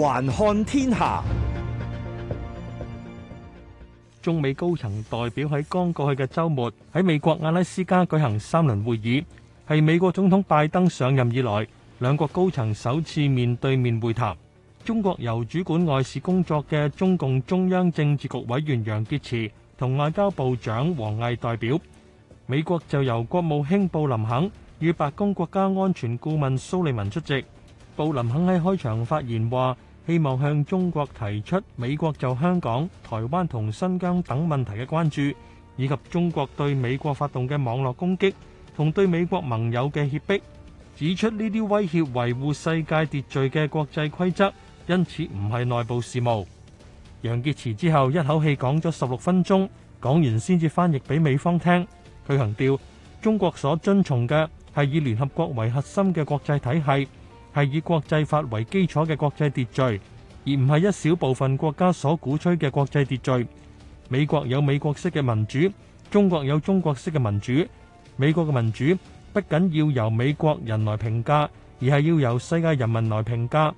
環看天下，中美高層代表喺剛過去嘅周末喺美國阿拉斯加舉行三輪會議，係美國總統拜登上任以來，兩國高層首次面對面會談。中國由主管外事工作嘅中共中央政治局委員楊潔篪同外交部長王毅代表，美國就由國務卿布林肯與白宮國家安全顧問蘇利文出席。布林肯喺開場發言話：希望向中國提出美國就香港、台灣同新疆等問題嘅關注，以及中國對美國發動嘅網絡攻擊同對美國盟友嘅脅迫，指出呢啲威脅維護世界秩序嘅國際規則，因此唔係內部事務。楊潔篪之後一口氣講咗十六分鐘，講完先至翻譯俾美方聽。佢強調，中國所遵從嘅係以聯合國為核心嘅國際體系。係以國際法為基礎嘅國際秩序，而唔係一小部分國家所鼓吹嘅國際秩序。美國有美國式嘅民主，中國有中國式嘅民主。美國嘅民主不僅要由美國人來評價，而係要由世界人民來評價。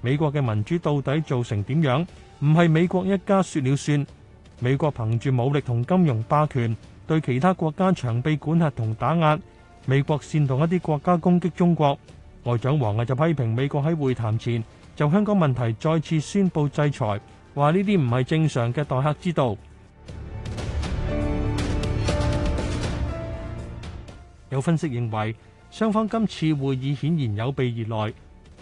美國嘅民主到底做成點樣？唔係美國一家說了算。美國憑住武力同金融霸權對其他國家長臂管轄同打壓。美國煽動一啲國家攻擊中國。外長王毅就批評美國喺會談前就香港問題再次宣佈制裁，話呢啲唔係正常嘅待客之道。有分析認為，雙方今次會議顯然有備而來，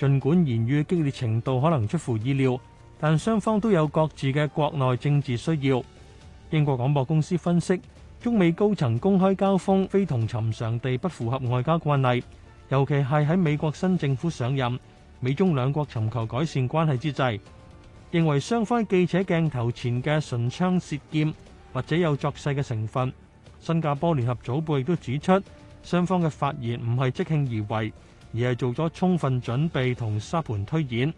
儘管言語激烈程度可能出乎意料，但雙方都有各自嘅國內政治需要。英國廣播公司分析，中美高層公開交鋒非同尋常地不符合外交慣例。尤其係喺美國新政府上任、美中兩國尋求改善關係之際，認為雙方記者鏡頭前嘅唇槍舌劍，或者有作勢嘅成分。新加坡聯合早報亦都指出，雙方嘅發言唔係即興而為，而係做咗充分準備同沙盤推演。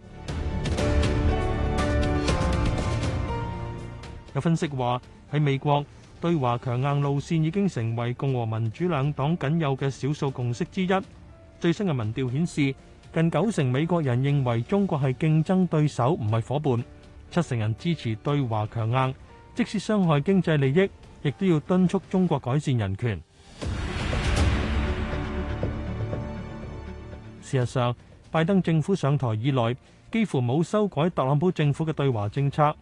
有分析話，喺美國對華強硬路線已經成為共和民主兩黨僅有嘅少數共識之一。最新嘅民調顯示，近九成美國人認為中國係競爭對手，唔係夥伴。七成人支持對華強硬，即使傷害經濟利益，亦都要敦促中國改善人權。事實上，拜登政府上台以來，幾乎冇修改特朗普政府嘅對華政策。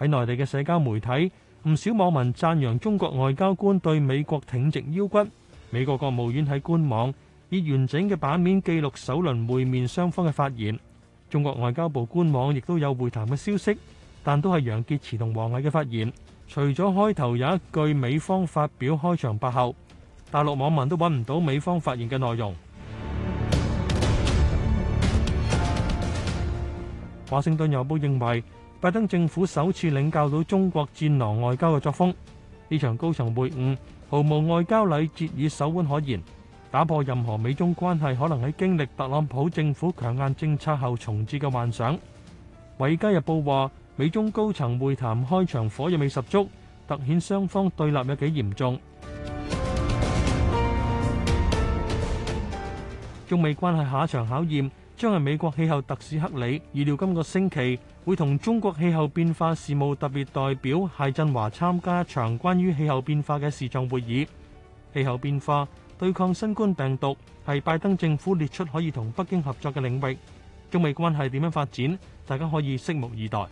喺內地嘅社交媒體，唔少網民讚揚中國外交官對美國挺直腰骨。美國國務院喺官網以完整嘅版面記錄首輪會面雙方嘅發言。中國外交部官網亦都有會談嘅消息，但都係楊潔篪同王毅嘅發言。除咗開頭有一句美方發表開場白後，大陸網民都揾唔到美方發言嘅內容。華盛頓郵報認為，拜登政府首次領教到中國戰狼外交嘅作風。呢場高層會晤毫無外交禮節與手腕可言，打破任何美中關係可能喺經歷特朗普政府強硬政策後重置嘅幻想。《維加日報》話，美中高層會談開場火藥味十足，突顯雙方對立有幾嚴重。中美關係下一場考驗將係美國氣候特使克里，預料今個星期會同中國氣候變化事務特別代表謝振華參加一場關於氣候變化嘅視像會議。氣候變化。對抗新冠病毒，係拜登政府列出可以同北京合作嘅領域。中美關係點樣發展，大家可以拭目以待。